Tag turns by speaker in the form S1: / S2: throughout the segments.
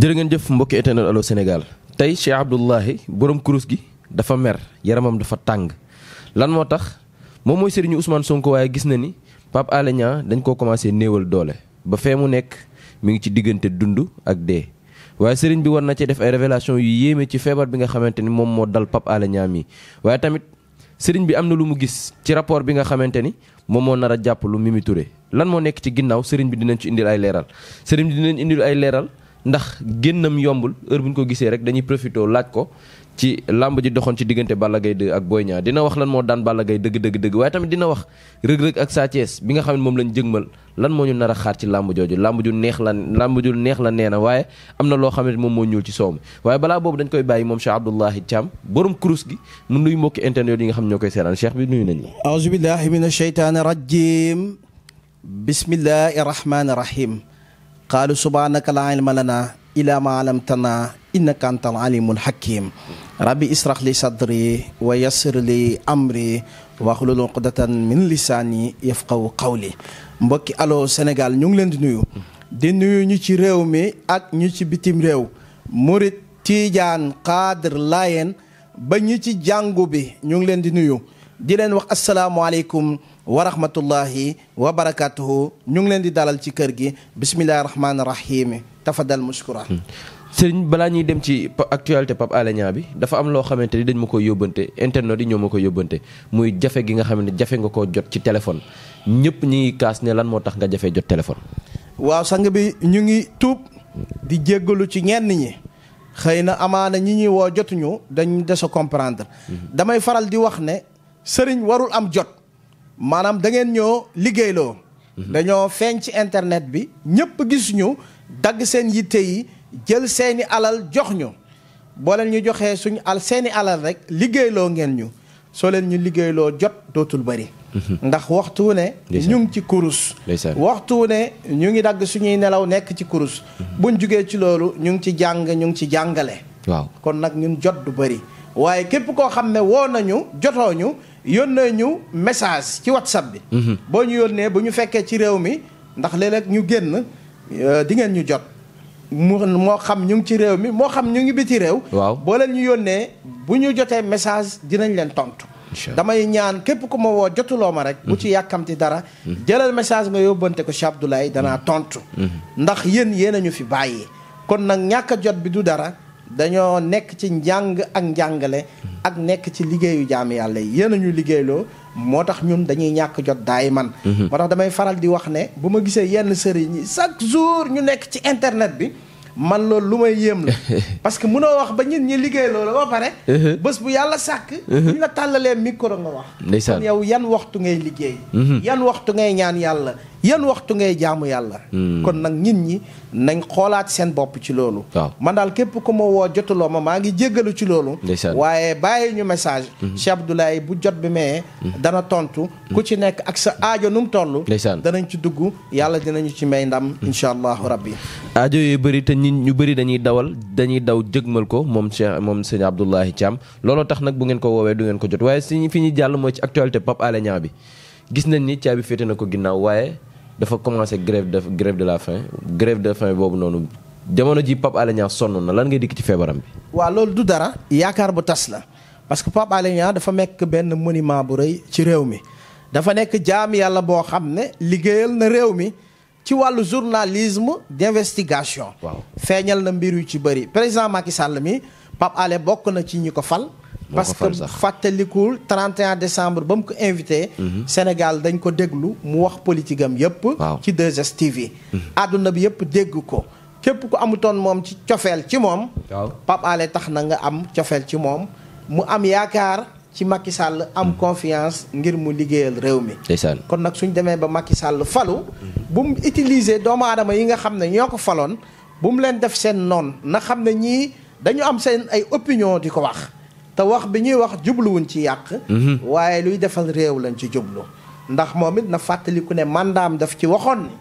S1: jërë ngeen jëf mbokki internet Allô Sénégal tey Cheikh Abdoulahi boroom kurus gi dafa mer yaramam dafa tàng lan moo tax moom mooy sëriñu Ousmane Sonko waaye gis na ni Pape Alé Niang dañ koo commencé néewal doole ba fee mu nekk mu ngi ci diggante dund ak dee waaye sëriñ bi war na ci def ay révélation yu yéeme ci feebar bi nga xamante ni moom moo dal Pape Alé Niang mi waaye tamit sëriñ bi am na lu mu gis ci rapport bi nga xamante ni moom moo nar a jàpp lu Mimi lan moo nekk ci ginnaaw sëriñ bi dinañ ci indil ay leeral sëriñ bi dinañ indil ay leeral ndax génnam yombul heure bu ñu ko gisee rek dañuy profité laaj ko ci làmb ji doxoon ci diggante Balla gay 2 ak Boy Niang dina wax lan moo daan Balla gay dëgg dëgg dëgg waaye tamit dina wax rëg-rëg ak Sa Thiès bi nga xam ne moom lañ jëgmal lan moo ñu nar a xaar ci làmb jooju làmb ju neex la làmb ju neex la nee na waaye am na loo xam ne moom moo ñuul ci soow mi waaye balaa boobu dañ koy bàyyi moom Cheikh Abdoulahi Thiam borom kurus gi mu nuy mbokki internet yi nga xam ne ñoo koy seetaan Cheikh bi nuyu nañ la
S2: aouzu billahi mina sheytaani rajim bismillahi rahmaani rahim qaalu subhaanaka laa ilma lanaa ilaa maa alamtanaa innaka antal alimul hakim rabbi israh li sadri wa yassir li amri waxlul uqdatan min lisaani yafqahu qawli mbokki Allô Sénégal ñu ngi leen di nuyu di nuyu ñu ci réew mi ak ñu ci bitim réew murit tiijaan xaadir laayeen ba ñu ci jàngu bi ñu ngi leen di nuyu di leen wax asalaamualeykum wa rahmatullahi wa barakaatuhu ñu ngi leen di dalal ci kër gi bisimilah rahmaani rahiim tafadal muskura hmm. sëriñ
S1: balaa ñuy dem ci actualité Pape Alé bi dafa am loo xamante ni dañ ma koy yóbbante internet yi ñoo ma koy yóbbante muy jafe gi nga xam ne jafe nga koo jot ci téléphone ñëpp ñi ngi kaas ne lan moo tax nga jafe jot téléphone.
S2: waaw sang bi ñu ngi tuub di jéggalu ci ñenn ñi xëy na amaana ñi ñuy woo jotuñu dañ des comprendre. Hmm. damay faral di wax ne sëriñ warul am jot maanaam da ngeen ñoo liggéeyloo mhm. dañoo feeñ ci internet bi ñëpp gis ñu dagg seen yitte yi jël seeni alal jox ñu boo leen ñu joxee suñu al seeni alal rek liggéeyloo ngeen ñu soo leen ñu liggéeyloo jot dootul bëri mhm. ndax waxtu ne ñu ngi ci kurus waxtu ne ñu ngi dagg suñuy nelaw nekk ci kurus mhm. buñ jugee ci loolu ñu ngi ci jàng ñu ngi ci jàngale waaw kon nag ñun jot du bëri waaye képp koo xam ne woo nañu jotooñu yónnee ñu message ci whatsapp bi. Mhm. boo ñu yónnee bu ñu fekkee ci réew mi ndax léeg ñu génn euh, di ngeen ñu jot. mu moo xam ñu ngi ci réew mi moo xam ñu ngi biti réew. waaw boo leen ñu yónnee bu ñu jotee message dinañ leen tontu. damay ñaan képp ku ma woo jotuloo ma rek. bu ci mhm. yàkkamti dara. Mhm. jëlal message nga yóbbante ko Cheikh Abdoulaye danaa tontu. ndax yéen yéen a ñu fi bàyyi. kon nag ñàkk jot bi du dara dañoo nekk ci njàng ak njàngale. ak nekk ci liggéeyu jaam yàlla yi yéen a ñu liggéeyloo moo tax ñun dañuy ñàkk jot daay man mhm. moo tax damay faral di wax ne bu ma gisee yenn sëriñ yi chaque jour ñu nekk ci internet bi man loolu lu may yéem la parce que mënoo wax ba ñun ñi liggéey loolu ba pare mhm. bés bu yàlla sàkk mhm. ñu la tàllalee micro nga wax ndeysaan yow yan waxtu ngay liggéey yan waxtu ngay ñaan yàlla yan waxtu ngay jaamu yàlla. Hmm. kon nag nit ñi nañ xoolaat seen bopp ci loolu. man daal képp ku ma woo jotuloo ma maa ngi jéggalu ci loolu. waaye bàyyi ñu message. Hmm. Cheikh Abdoulaye bu jot bi mayee. Hmm. dana tontu ku ci nekk ak sa aajo nu mu toll. danañ ci dugg yàlla dinañu ci may ndam incha allahu rabbi.
S1: aajo yu bëri te nit ñu bari dañuy dawal dañuy daw jëgmal ko moom Cheikh moom sëñ Abdoulaye Thiam looloo tax nag bu ngeen ko woowee du ngeen ko jot waaye si fi ñuy jàll mooy ci actualité Pape Alé Niang bi gis nañ ni caabi féete na ko ginnaaw waaye. dafa commencé grève de grève de la faim grève de faim boobu noonu jamono ji Pape Alé Niang sonn na lan ngay dikk ci feebaram bi.
S2: waaw loolu du dara yaakaar bu tas la parce que Pape Alé Niang dafa nekk benn monument bu rëy ci réew mi dafa nekk jaam yàlla boo xam ne liggéeyal na réew mi. ci wàllu journalisme d'investigation. waaw feeñal na mbir yu ci bëri président Macky Sall mi Pape Alé bokk na ci ñi ko fal. parce que fàttalikul 31 décembre ba mu ko invité. Mhm. Sénégal dañ ko déglu mu wax politique am yëpp. ci 2STV. àdduna mhm. bi yëpp dégg ko. képp ku amutoon moom ci cofeel ci moom. waaw tax na nga am cofeel ci moom mu am yaakaar ci Macky sàll am mhm. confiance ngir mu liggéeyal réew mi. kon nag suñ demee ba Macky sàll falu. bu mu utiliser doomu aadama yi nga xam ne ñoo ko faloon bu mu leen def seen noon na xam ne ñii dañu am seen ay opinion di ko wax. te wax bi ñuy wax jubluwuñ ci yàq mhm. waaye luy defal réew lañ ci jublu ndax moom it na fàttaliku ne mandaam daf ci waxoon ni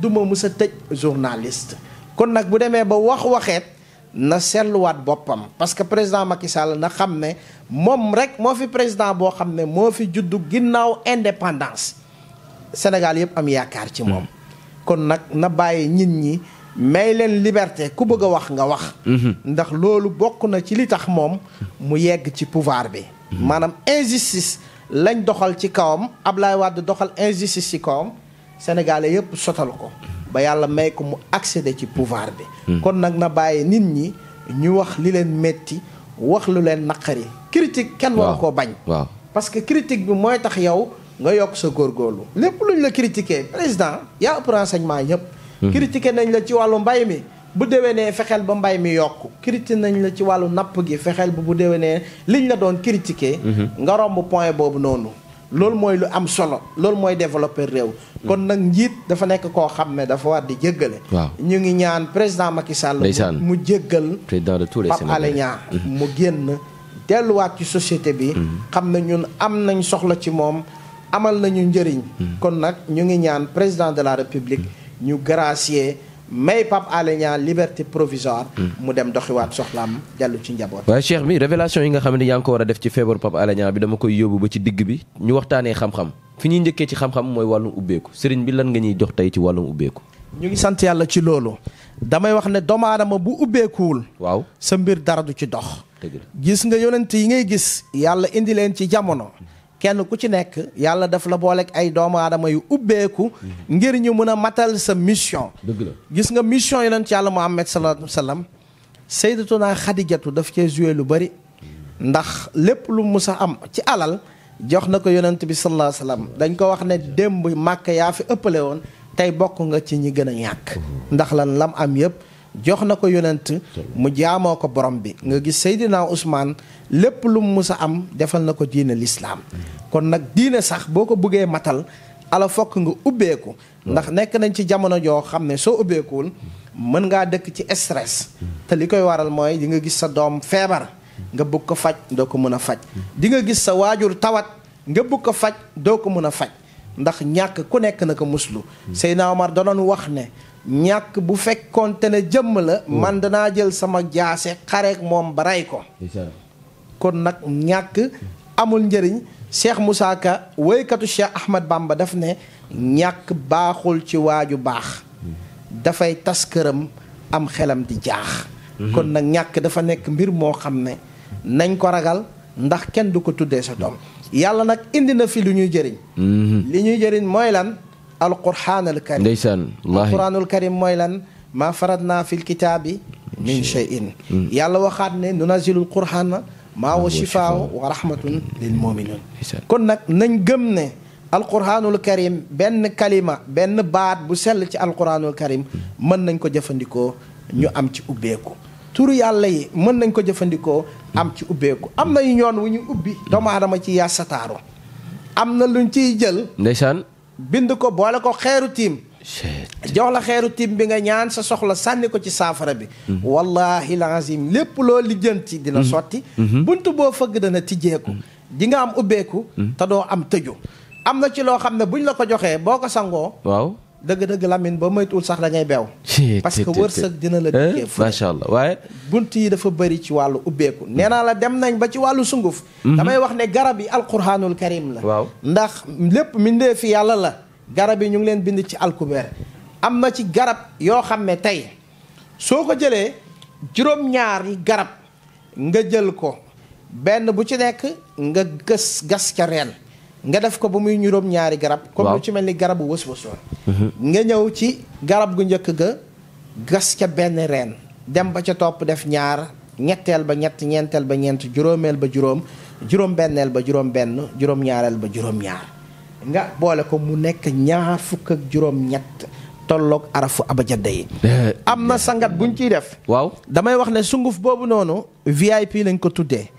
S2: duma mës a tëj journaliste kon nag bu demee ba wax waxeet na seetluwaat boppam parce que président Macky Sall na xam ne moom rek moo fi président boo xam ne moo fi juddu ginnaaw indépendance Sénégal yëpp am yaakaar ci moom
S1: mhm.
S2: kon nag na bàyyi nit ñi may leen liberté ku bëgg a wax nga wax mhm. ndax loolu bokk na ci li tax moom mu yegg ci pouvoir bi mhm. maanaam injustice lañ doxal ci kawam ab Ablaye Wade doxal injustice ci kawam sénégalais yëpp sotal ko ba yàlla may ko mu accéder ci pouvoir bi mhm. kon nag na bàyyi nit ñi ñu wax li leen metti wax lu leen naqari critique kenn waru koo bañ waaw parce que critique bi mooy tax yow nga yokk sa góorgóorlu lépp luñ la critiquer président yaa ëpp renseignement ñëpp Mhm. critiqué nañ la ci wàllu mbay mi bu ne fexeel ba mbay mi yokk critiqué nañ la ci wàllu napp gi fexeel ba bu déwénee liñ la doon critiqué mhm. nga romb point boobu noonu loolu mooy lu am solo loolu mooy développer réew kon nag njiit dafa nekk koo xam ne dafa war di jéggale waaw ñu ngi ñaan président Macky Sall mu jéggal
S1: président de tous les Sénégalais Pape Alé mhm.
S2: mu génn telluwaat ci société bi xam na ñun am nañ soxla ci moom amal nañu njëriñ kon nag ñu ngi ñaan président de la république ñu gracier may Pape Alé Niang liberté provisoire. Hmm. mu dem doxiwaat soxlaam dellu ci njaboot. waaye
S1: Cheikh bi révélation yi nga xam ne yaa ngi war a def ci feebaru Pape Alé bi dama koy yóbbu ba ci digg bi ñu waxtaanee xam-xam fi ñuy njëkkee ci xam-xam mooy wàllum ubbeeku sëriñ bi lan nga ñuy jox tey ci
S2: wàllum ubbeeku. ñu ngi sant yàlla ci loolu. damay wax ne doomu bu ubbeekuwul. waaw sa mbir dara du ci dox. gis nga yonent yi ngay gis. yàlla indi leen ci jamono. kenn ku ci nekk yàlla daf la booleeg ay doomu aadama yu ubbeeku ngir ñu mën a matal sa mission dëgg gis nga mission yi leen ci yàlla Muhammad sallallahu alayhi wa sallam sayyidatuna Xadijatu daf cee joué lu bari ndax lépp lu mus a am ci alal jox na ko yonent bi sallallahu alayhi wa dañ ko wax ne démb màkk yaa fi ëppale woon tey bokk nga ci ñi gën a ñàkk ndax lan lam am yëpp jox na ko yonent mu jaamoo ko borom bi nga gis Seydina Ousmane lépp lu mu mus am defal na ko diine lislaam kon nag diine sax boo ko buggee matal ala fokk nga ubbeeku ndax nekk nañ ci jamono joo xam ne soo ubbeekuwul mën ngaa dëkk ci estres te li koy waral mooy di nga gis sa doom feebar nga bugg ko faj doo ko mën a faj di nga gis sa waajur tawat nga bugg ko faj doo ko mën a faj ndax ñàkk ku nekk na ko muslu Seydina Omar danoon wax ne ñàkk bu fekkoonte ne jëmm la mm. man danaa jël sama jaase xareek moom ba rey ko kon nag ñàkk amul njëriñ Cheikh Moussa Ka woykatu Cheikh Ahmad Bamba daf ne ñàkk baaxul ci waaju baax mm. dafay tas këram am xelam di jaax mm-hmm. kon nag ñàkk dafa nekk mbir moo xam ne nañ ko ragal ndax kenn du ko tuddee sa doom mm. yàlla nag indi na fi lu ñuy jëriñ mm-hmm. li ñuy jëriñ mooy lan alquraanul karim ndeysaan
S1: wallaahi alquraanul
S2: karim mooy lan maa farat naa fil kitaabi min shay'in mm. yàlla waxaat ne nunazilul quraan maa wa shifaaw wa rahmatun lil mu'minin kon nag nañ gëm ne alquraanul karim benn kalima benn baat bu sell ci alquraanul karim mën nañ ko jëfandikoo ñu am ci ubbeeku turu yàlla yi mën nañ ko jëfandikoo am ci ubbeeku am na yu ñoon wu ñu ubbi doomu aadama ci yaasataaru am na luñ ciy jël bind ko boole ko xeeru tiim jox la xeeru tiim bi nga ñaan sa soxla sànni ko ci saafara bi wallahi lazim lépp loo lijjanti dina mm-hmm. sotti mm-hmm. bunt boo fëgg dana tijjeeku mm-hmm. di nga am ubbeeku te doo am tëju am na ci loo xam ne buñ la ko joxee boo ko sangoo dëgg-dëgg Lamine ba moytuwul sax da ngay beew parce que wërsëg dina la eh, dikkee fu
S1: macha allah waaye
S2: bunt yi dafa bëri ci wàllu ubbeeku mm-hmm. nee naa la dem nañ ba ci wàllu sunguf mm-hmm. damay wax ne garab yi alquranul karim la waaw ndax lépp mindee fi yàlla la garab yi ñu ngi leen bind ci alkubeer am na ci garab yoo xam ne tey soo ko jëlee juróom-ñaar yi garab nga jël ko benn bu ci nekk nga gës gas ca reen nga def ko bu muy ñuróom ñaari garab ko lu ci mel ni garabu wës wës mhm. nga ñëw ci garab gu njëkk ga gas ca benn reen dem ba ca topp def ñaar ñetteel ba ñett ñeenteel ba ñeent juróomeel ba juróom juróom benneel ba juróom benn juróom ñaareel ba juróom ñaar nga boole ko mu nekk ñaar fukk ak juróom ñett tolloog arafu abajadda yi eh. am na sangat buñ ciy def waaw damay wax ne sunguf boobu noonu VIP lañ ko tuddee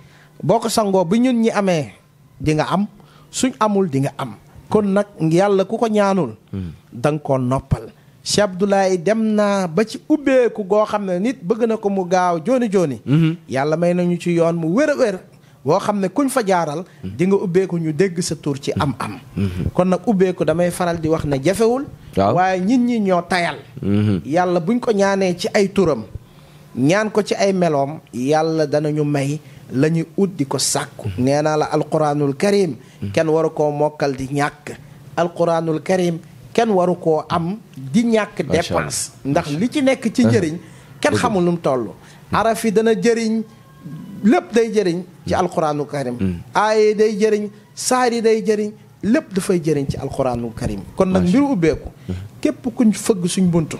S2: boo ko sangoo bi ñun ñi amee di nga am suñ amul dinga am kon nag yàlla ku ko ñaanul hmm. da nga koo noppal Cheikh dem naa ba ci ubbeeku goo xam ne nit bëgg na ko mu gaaw joone jooni hmm. yàlla may nañu ci yoon mu wér a wér boo xam ne kuñ fa jaaral hmm. dinga nga ubbeeku ñu dégg sa tur ci am am kon nag ubbeeku damay faral di wax ne jafewul waaye nit ñi ñoo tayal yàlla buñ ko ñaanee ci ay turam ñaan ko ci ay meloom yàlla danañu may lañuy ñuy ut di ko sàkku mm-hmm. nee naa la alxuraanul karim mm-hmm. kenn waru koo mokkal di ñàkk alxuraanul karim kenn waru koo am di ñàkk dépense ndax li ci nekk ci njëriñ kenn xamul nu toll mm-hmm. araf yi dana jëriñ lépp day jëriñ ci alquranul karim aaye day jëriñ saar day jëriñ lépp dafay jëriñ ci alquranul karim kon nag ngir ubbeeku képp ku fëgg suñ bunt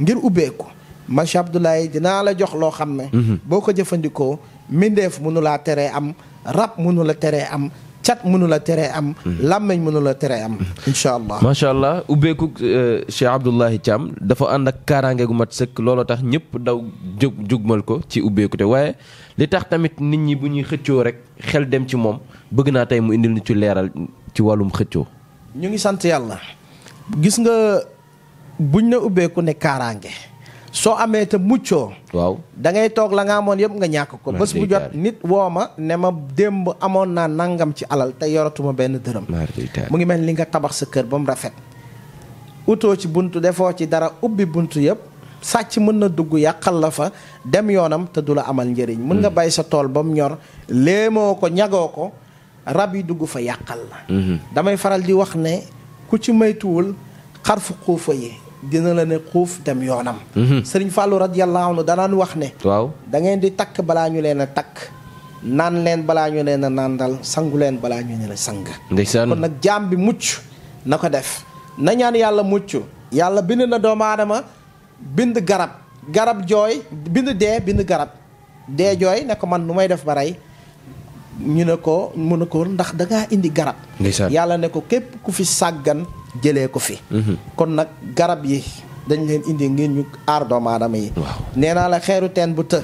S2: ngir ubbeeku macha Abdoulaye dinaa la jox loo xam ne. Mhm. boo ko jëfandikoo mbindeef mënu laa teree am rab mënu la teree am. cat mënula tere am. Mhm. làmmiñ mënula la teree am. Mhm. incha allah
S1: macha allah ubbeeku euh, Cheikh Abdoulahi Thiam dafa ànd ak kaaraange gu mat sëkk looloo tax ñëpp daw jug jugmal ko ci ubbeekute waaye li tax tamit nit ñi bu ñuy xëccoo rek xel dem ci moom bëgg naa tey mu indil ñu ci leeral ci wàllum xëccoo.
S2: ñu ngi sant yàlla. gis nga buñ na ubbeeku ne kaaraange. soo amee te muccoo waaw da toog la nga amoon yëpp nga ñàkk ko bés bu jot nit woo ma ne ma démb amoon naa nangam ci alal te yoratuma benn dërëm mu ngi mel ni nga tabax sa kër ba mu rafet utoo ci buntu defoo ci dara ubbi buntu yëpp sàcc mën na dugg yàqal la fa dem yoonam te du la amal njëriñ mën nga mm-hmm. bay sa tool ba mu ñor léemoo ko ñagoo ko rab yi dugg fa yàqal la mm-hmm. damay faral di wax ne ku ci maytuwul xar fu xuufa yi dina la ne xuuf dem yoonam. Mhm. sëriñ Fallou radiyallahu anhu danaan wax ne. waaw da ngeen di takk balaa ñu leen a takk. naan leen balaa ñu leen a naandal sangu leen balaa ñu ne la sang. ndeysaan kon nag jaam bi mucc na ko def. nañaan yàlla mucc. yàlla bind na doomu aadama bind garab. garab jooy bind dee bind garab. dee jooy ne ko man nu may def ba rey ñu ne ko mu ne ko ndax da indi garab. yàlla ne ko képp ku fi sàggan. jëlee ko fi. Mhm. kon nag garab yi dañ leen indi ngeen ñu aar doomaadama yi. nee naa la xeeru teen bu të.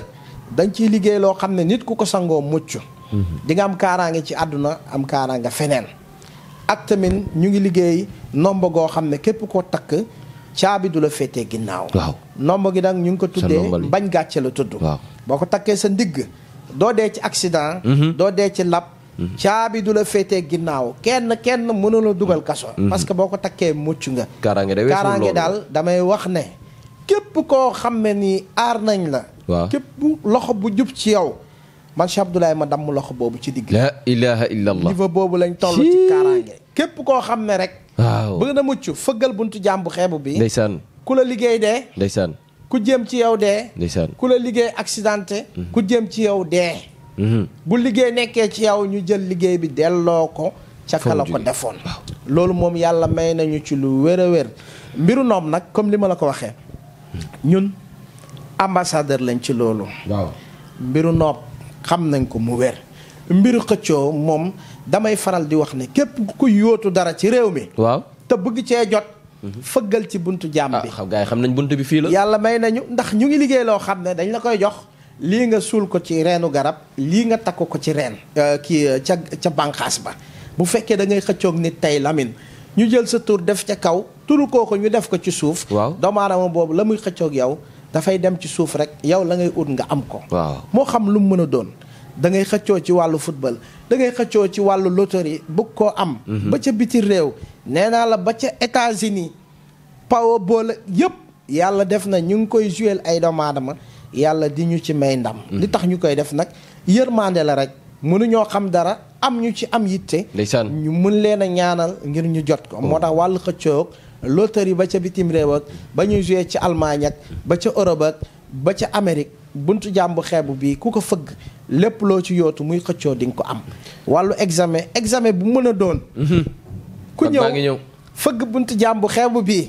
S2: dañ ciy liggéey loo xam ne nit ku ko sangoo mucc. Mhm. di nga am kaaraange ci àdduna am kaaraange feneen. ak tamit ñu ngi liggéey nombo goo xam ne képp koo takk caabi du la féetee ginnaaw. waaw nomba gi nag ñu ngi ko tuddee bañ gàcce la tudd. boo ko takkee sa ndigg doo dee ci accident. Mhm. doo dee ci lab. Mhm. caabi du la féete ginnaaw kenn kenn mënu dugal mhm. kaso. Mhm. parce que boo ko takkee mucc nga.
S1: kaaraange de kaaraange daal
S2: damay wax ne. képp koo xam ne nii aar nañ la. waaw képp loxo bu jub ci yow. man Cheikh ma damm loxo boobu ci digg.
S1: la ilaha illallah niveau
S2: boobu lañ toll ci kaaraange. képp koo xam ne rek. waaw bëgg na mucc fëggal buntu jàmbu xeebu bi. ndeysaan ku la liggéey dee. ndeysaan ku jëm ci yow dee. ndeysaan ku la liggéey accidenté. ku jëm ci yow dee. Mm-hmm. bu liggéey nekkee ci yow ñu jël liggéey bi delloo ko ca ka ko defoon loolu moom yàlla may nañu ci lu wér a wér mbiru noom nag comme li ma la ko waxee ñun ambassadeur lañ ci loolu waaw mbiru noob xam nañ ko mu wér mbiru xëccoo moom damay faral di wax ne képp ku ko yóotu dara ci réew mi waaw te bëgg cee jot mm-hmm. fëggal ci buntu jàmm bi ah, xam nañ buntu bi fii yàlla may nañu ndax ñu ngi liggéey loo xam ne dañ la koy jox lii nga suul ko ci reenu garab lii nga takk ko ci reen euh, kii euh, ca ca bànqaas ba bu fekkee da ngay xëccoog nit tey Lamine ñu jël sa tur def ca kaw turu ko ñu def ko ci suuf waaw doomu aadama boobu la muy xëccoog yow dafay dem ci suuf rek yow la ngay ut nga am ko waaw moo xam lu mu mën a doon da ngay xëccoo ci wàllu football da ngay xëccoo ci wàllu loterie bëgg koo am mhm. ba ca biti réew nee naa la ba ca États-Unis Powerball yëpp yàlla def na ñu ngi koy jouer ay doomu aadama yàlla di ñu ci may ndam mm-hmm. li tax ñu koy def nag yërmande la rek ñoo xam dara am ñu ci am yitte ñu mën leen a ñaanal ngir ñu jot ko moo oh. tax wàllu xëccoog loterie ba ca bitim réew ak ba ñu joué ci Allemagne ak ba ca Europe ba ca Amérique buntu jàmbu xeebu bii ku ko fëgg lépp loo ci yootu muy xëccoo di nga ko am wàllu examen examen bu mën a doon mm-hmm. ku ñëw fëgg buntu jàmbu xeebu bii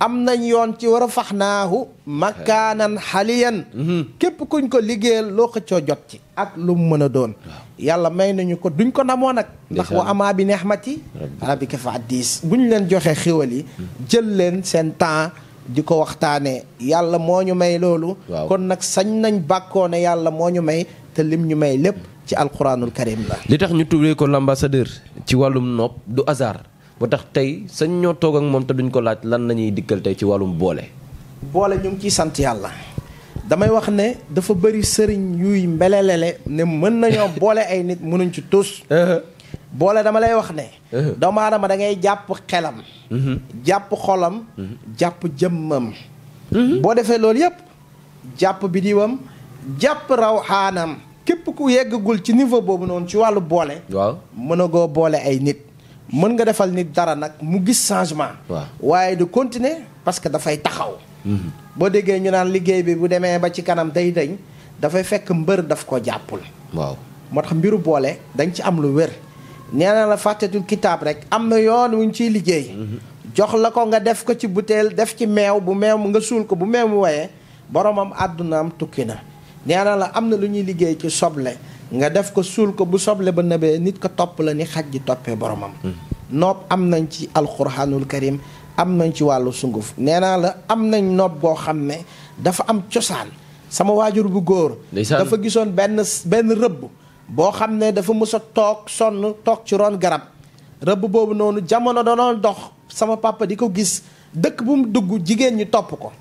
S2: am nañ yoon ci war a fax naahu makaanan xaliyan mhm. képp kuñ ko liggéeyal loo xëccoo jot ci ak lu mu mën a doon yàlla may nañu ko duñ ko namoon nag ndax wa amaa bi nehmati rabbika fa bu ñu leen joxee xéwal yi mhm. jël leen seen temps di ko waxtaanee yàlla moo ñu may loolu kon nag sañ nañ bàkkoo ne yàlla moo ñu may te lim ñu may lépp ci alquranul karim la
S1: li tax ñu tuddee ko l'ambassadeur ci wàllum nopp du hasard ba tax tey sañ ñoo toog ak moom te duñ ko laaj lan la ñuy dikkal tey ci wàllum boole.
S2: boole ñu ngi ciy sant yàlla. damay wax ne dafa bëri sëriñ yuy mbelelele ne mën nañoo boole ay nit mënuñ ci tus uh-huh. boole dama lay wax ne uh-huh. doomu aadama da ngay jàpp xelam uh-huh. jàpp xolam jàpp jëmmam boo defee loolu yëpp jàpp bidiwam jàpp raw xaanam képp ku yeggagul ci niveau boobu noonu ci wàllu boole waaw boole ay nit mën nga defal nit dara nag mu gis changement. waaye du continuer parce que dafay taxaw. Mhm. boo déggee ñu naan liggéey bi bu demee ba ci kanam day dañ dafay fekk mbër daf ko jàppul. waaw moo tax mbiru boole dañ ci am lu wér. nee na la fàttetul kitaab rek am na yoon wuñ ciy liggéey. Mhm. jox la ko nga def ko ci butéel def ci meew bu meew nga suul ko bu meew mu woyee boromam àddunaam tukki na. nee na la am na lu ñuy liggéey ci soble nga def ko suul ko bu soble ba nëbee nit ko topp la ni xaj ji toppee boromam. Hmm. nopp am nañ ci alxuraanul karim am nañ ci wàllu sunguf nee naa la am nañ noob boo xam ne dafa am cosaan sama waajur bu góor. dafa gisoon benn benn rëbb. boo xam ne dafa mës a toog sonn toog ci ron garab rëbb boobu noonu jamono danoon dox sama papa di ko gis dëkk bu mu dugg jigéen ñi topp ko.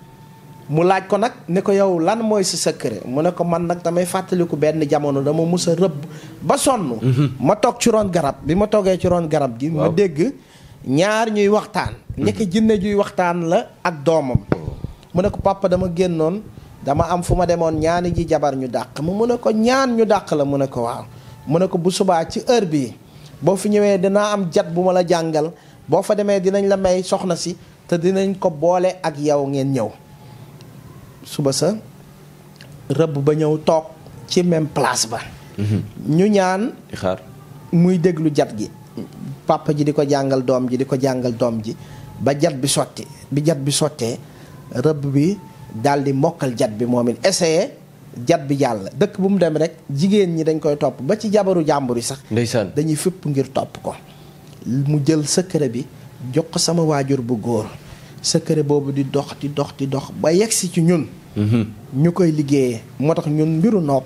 S2: mu laaj ko nag ne ko yow lan mooy sa secret mu ne ko man nag damay fàttaliku benn jamono dama mus rëbb ba sonn. Mhm. ma toog ci ron garab bi ma toogee ci ron garab gi. ma dégg ñaar waxtaan. nekk mhm. jinne juy waxtaan la ak doomam. mu ne ko papa dama génnoon dama am fu ma demoon ñaani ji jabar ñu dàq ma mu ne ko ñaan ñu dàq la mu ne ko waaw. mu ne ko bu subaa ci heure bii boo fi ñëwee dinaa am jat bu ma la jàngal boo fa demee dinañ la may soxna si te dinañ ko boole ak yow ngeen ñëw. suba sa rëbb ba ñëw toog ci même place ba mm-hmm. ñu ñaan muy déglu jat gi papa ji di ko jàngal doom ji di ko jàngal doom ji ba jat bi sotti bi jat bi sottee rëbb bi daal di mokkal jat bi moom it jat bi jàll dëkk bu mu dem rek jigéen ñi dañ koy topp ba ci jabaru jàmbur yi sax ndeysaan dañuy fépp ngir topp ko mu jël secret bi jox ko sama waajur bu góor secret boobu di dox di dox di dox ba yegsi ci ñun. Mm-hmm. ñu koy liggéeyee moo tax ñun mbiru nopp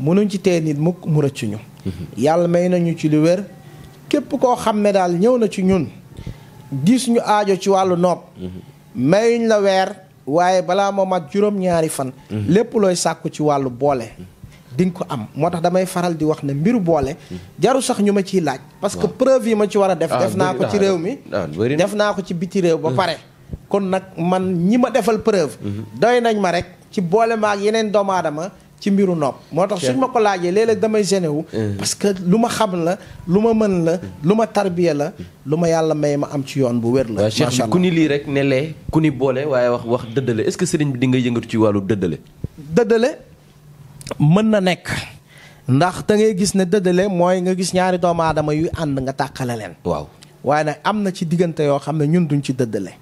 S2: mënuñ ci tee nit mukk mu ci ñu. Mm-hmm. yàlla may nañu ci lu wér képp koo xam ne daal ñëw na ci ñun diis ñu aajo ci wàllu nopp. Mm-hmm. mayuñ la weer waaye balaa moo mat juróom-ñaari fan. lépp looy sàkku ci wàllu boole. di nga ko am moo tax damay faral di wax ne mbiru boole jaru sax ñu ma ciy laaj parce que preuve yi ma ci war a def ah, def naa ko ci réew mi def naa ko ci biti réew ba mm. pare kon nag man ñi ma defal preuve mm-hmm. doy nañ ma rek ci boole ma ak yeneen doomu aadama ci mbiru nopp moo tax suñ ma ko laajee léeg-léeg damay gêné wu mm. parce que lu ma xam la lu ma mën la mm. lu ma tarbiya la lu ma yàlla may ma am ci yoon bu wér la Cheikh bi ku
S1: ni lii rek ne lee ku ni boole waaye wax wax dëddale est-ce que sëriñ bi di nga yëngatu ci wàllu dëddale
S2: dëddale mën na nekk ndax da ngay gis ne dëddale mooy nga gis ñaari doomu aadama yuy ànd nga tàqale leen. waaw waaye nag am na ci diggante yoo xam ne ñun duñ ci dëddale.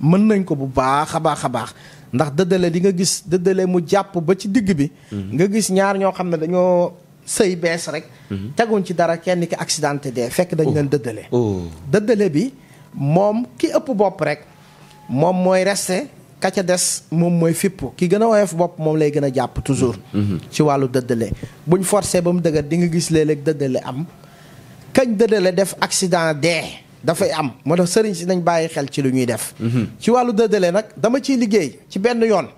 S2: mën nañ ko bu baax a baax a baax ndax dëddale di nga gis dëddale mu jàpp ba ci digg bi. Mhm. nga gis ñaar ñoo xam ne dañoo sëy bees rek. Mhm. teguñ ci dara kenn ki accidenté dee fekk dañ oh. leen dëddale. Oh. dëddale bi moom ki ëpp bopp rek moom mooy reste ka des moom mooy fippu ki gën a woyof bopp moom lay gën a jàpp toujours. Mm-hmm. Mm-hmm. ci wàllu dëddale buñ forcé ba mu dëgër di nga gis léeg-léeg dëddale am kañ dëddale def accident dee dafay am moo tax sëriñ si nañ bàyyi xel ci lu ñuy def. Mm-hmm. ci wàllu dëddale nag dama ciy liggéey ci benn yoon.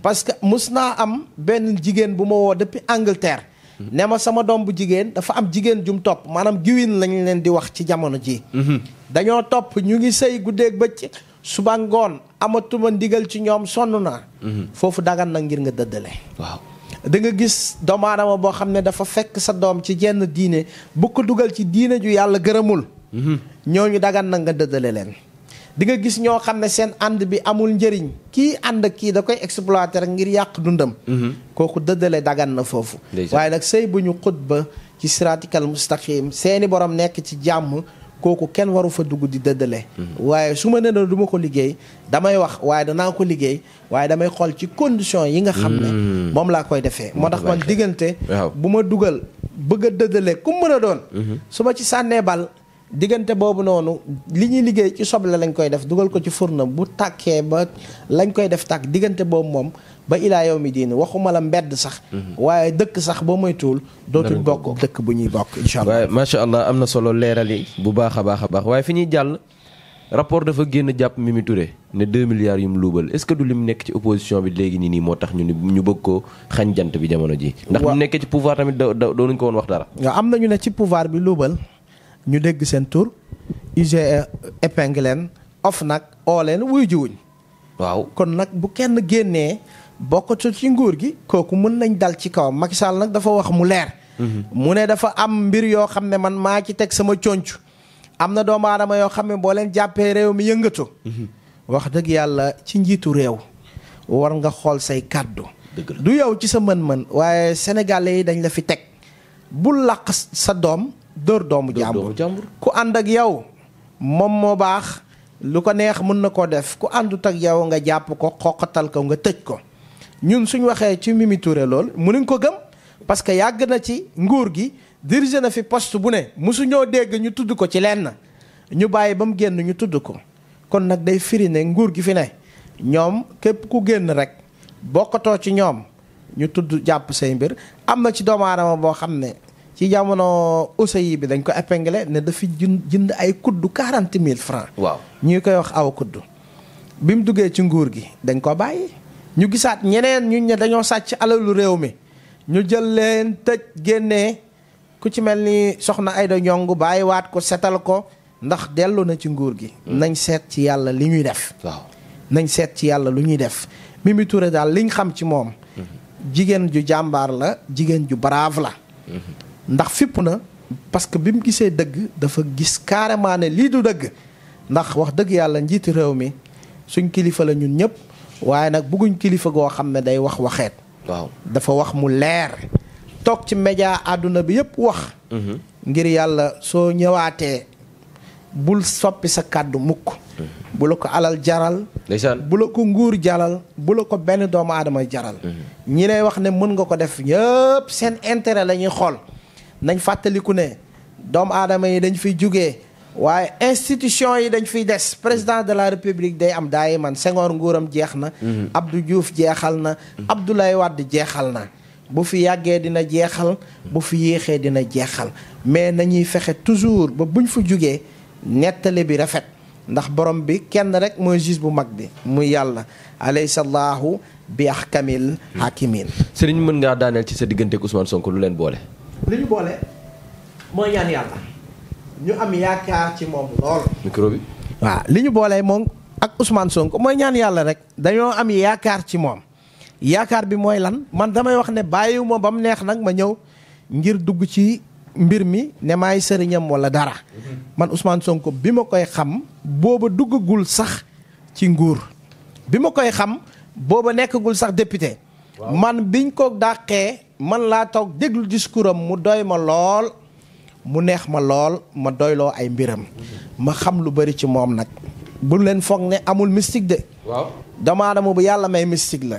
S2: parce que mus naa am benn jigéen bu ma woo depuis Angleterre. ne ma sama doom bu jigéen dafa am jigéen jum topp maanaam giwin lañ leen di wax ci jamono ji dañoo topp ñu ngi sëy guddeeg bëcc suba ngoon amatuma ndigal ci ñoom sonn naa. Mhm. foofu dagan na ngir nga dëddale. waaw gis doomu aadama boo xam ne dafa fekk sa doom ci jenn diine bu ko dugal ci diine ju yàlla gërëmul. ñoo mhm. ñooñu dagan na nga dëddale leen. di nga gis ñoo xam ne seen ànd bi amul njëriñ kii ànd kii da koy exploiter rek ngir yàq dundam. Mhm. kooku dëddale dagan na foofu. waaye nag sëy bu ñu xutba ci siraatikal mustaqim seeni borom nekk ci jàmm. kooku kenn waru fa dugg di dëddale mhm. waaye su ma nee na du ko liggéey damay wax waaye danaa ko liggéey waaye damay xool ci condition yi nga xam ne mhm. moom laa koy defee moo tax man diggante bu ma dugal bëgg a dëddale ku mën a doon mhm. su ma ci sànnee bal diggante boobu noonu li ñuy liggéey ci soble lañ koy def dugal ko ci fourneau bu tàkkee ba lañ koy def tàkk diggante boobu moom ba ilaa yow mi diin waxuma la mbedd sax. Mhm. waaye dëkk sax boo moytuwul. dootuñ bokk dëkk bu ñuy bokk incha allah.
S1: waaye macha am na solo leeral bu baax a baax a baax waaye fi ñuy jàll rapport dafa génn jàpp Mimi Touré ne 2 milliards yu mu luubal est-ce que du lim nekk ci opposition bi léegi nii nii moo tax ñu ñu bëgg ko xañ jant bi jamono ji. ndax mu nekkee ci pouvoir tamit da doonuñ ko woon wax dara.
S2: waaw am na ñu ne ci pouvoir bi luubal ñu dégg seen tur UGE épingle leen of nag oo leen wuyu jiwuñ nag bu kenn génnee. bokkatu ci nguur gi kooku mën nañ dal ci kawam Macky Sall nag dafa wax mu leer. Mhm. mu ne dafa am mbir yoo xam ne man maa ci teg sama conc am na doom aadama yoo xam ne boo leen jàppee réew mi yëngatu. Mhm. wax dëgg yàlla ci njiitu réew. war nga xool say kàddu. du yow ci sa mën-mën waaye sénégalais yi dañ la fi teg. bul làq sa doom dóor doomu jàmbur ku ànd ak yow moom moo baax lu ko neex mën na koo def ku àndut ak yow nga jàpp ko xoqatal ko nga tëj ko. ñun suñ waxee ci Mimi Touré lool mënuñ ko gëm parce que yàgg na ci nguur gi dirigé na fi post bu ne mosu ñoo dégg ñu tudd ko ci lenn ñu bàyyi ba mu génn ñu tudd ko kon nag day firi ne nguur gi fi ne ñoom képp ku génn rek bokkatoo ci ñoom ñu tudd jàpp say mbir am na ci doomu boo xam ne ci jamono Ousseynou bi dañ ko épinglé ne dafa jënd jënd ay kuddu quarante mille francs waaw ñuy koy wax aw kuddu bi mu duggee ci nguur gi dañ ko bàyyi. ñu gisaat ñeneen ñu ne dañoo sàcc alalu réew mi ñu jël leen tëj génnee ku ci mel ni soxna Ayda Ñong bàyyiwaat ko setal ko ndax dellu na ci nguur gi. Hmm. nañ seet ci yàlla li ñuy def. waaw nañ seet ci yàlla lu ñuy def mi Touré daal liñ xam ci moom. Hmm. jigéen ju jàmbaar la jigéen ju brave la. Hmm. ndax fipp na parce que bi mu gisee dëgg dafa gis carrément ne lii du dëgg ndax wax dëgg yàlla njiitu réew mi suñ kilifa la ñun ñëpp. waaye nag bëgguñ kilifa goo xam ne day wax waxeet. waaw dafa wax mu leer. toog ci média àdduna bi yëpp wax. Mhm. ngir yàlla soo ñëwaatee bul soppi sa kàddu mukk. Mhm. bu la ko alal jaral. bu la ko nguur jaral. bu la ko benn doomu aadama jaral. Mhm. ñi lay wax ne mën nga ko def ñëpp seen intérêt lañuy ñuy xool nañ fàttaliku ne doomu aadama yi dañ fiy jugee. waaye institution yi dañ fiy des président de la république day am daay man sengoor nguuram jeex na mhm. Abdou Diouf jeexal na mhm. Abdoulaye wàdd jeexal na bu fi yàggee dina jeexal bu fi yéexee dina jeexal mais nañuy fexe toujours ba buñ fa jugee nettali bi rafet ndax borom bi kenn rek mooy juge bu mag bi muy yàlla alaysa allahu bi ahkamil mhm. hakimin
S1: ñu mën ngaa daaneel ci sa diggante ak Ousmane
S2: Sonko lu leen boole li ñu boole mooy ñaan yàlla ñu am yaakaar ci moom lool. micro bi. waaw li ñu boolee moom ak usmaan Sonko mooy ñaan yàlla rek dañoo am yaakaar ci moom yaakaar bi mooy lan man damay wax ne bàyyiwu ma ba mu neex nag ma ñëw ngir dugg ci mbir mi ne maay sëriñam wala dara man usmaan Sonko bi ma koy xam booba duggagul sax ci nguur bi ma koy xam booba nekkagul sax député. man biñ ko dàqee man laa toog déglu discours am mu doy ma lool. mu neex ma lool ma doyloo ay mbiram ma xam lu bari ci moom nag bu leen foog ne amul mystique de waaw doomu aadama bu yàlla may mystique la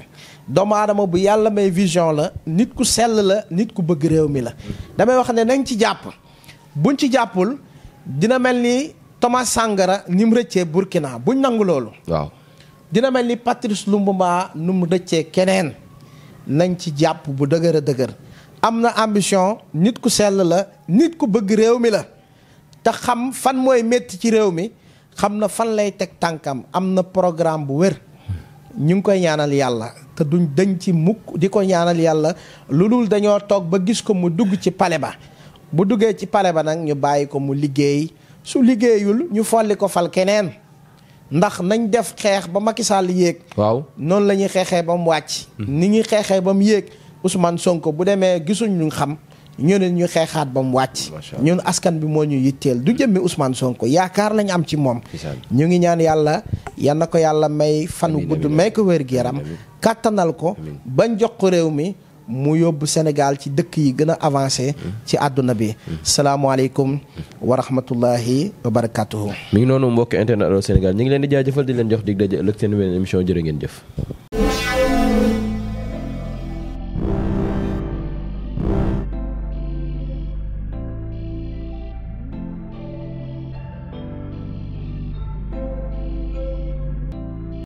S2: doomu aadama bu yàlla may vision la nit ku sell la nit ku bëgg réew mi la damay wax ne nañ ci jàpp buñ ci jàppul dina mel ni Thomas Sankara ni mu rëccee Burkina buñ nangu loolu dina mel ni Patrice Lumumba nu mu rëccee keneen nañ ci jàpp bu dëgër a dëgër am na ambition nit ku sell la nit ku bëgg réew mi la te xam fan mooy métti ci réew mi xam na fan lay teg tànkam am na programme bu wér ñu ngi koy ñaanal yàlla te duñ dañ ci mukk di ko ñaanal yàlla lu dul dañoo toog ba gis ko mu dugg ci pale ba bu duggee ci pale ba nag ñu bàyyi ko mu liggéey su liggéeyul ñu folli ko fal keneen ndax nañ def xeex ba Macky Sall yéeg waaw noonu la ñuy xeexee ba mu wàcc hmm. ni ñuy xeexee ba mu yéeg Ousmane Sonko bu demee gisuñ ñu xam ñeneen ñu xeexaat ba mu wàcc ñun askan bi moo ñu yitteel du jëmmi Ousmane Sonko yaakaar lañ am ci moom ñu ngi ñaan yàlla yana ko yàlla may fanu gudd may ko wér-gu-yaram kàttanal ko bañ jox ko réew mi mu yóbbu Sénégal ci dëkk yi gën a avancé ci àdduna bi salaamaaleykum wa rahmatullahi wa barakatuhu
S1: mi ngi noonu mbokk internet Allô Sénégal ñu ngi leen di jaajëfal di leen jox dig daje ëllëg seen beneen émission jërë ngeen jëf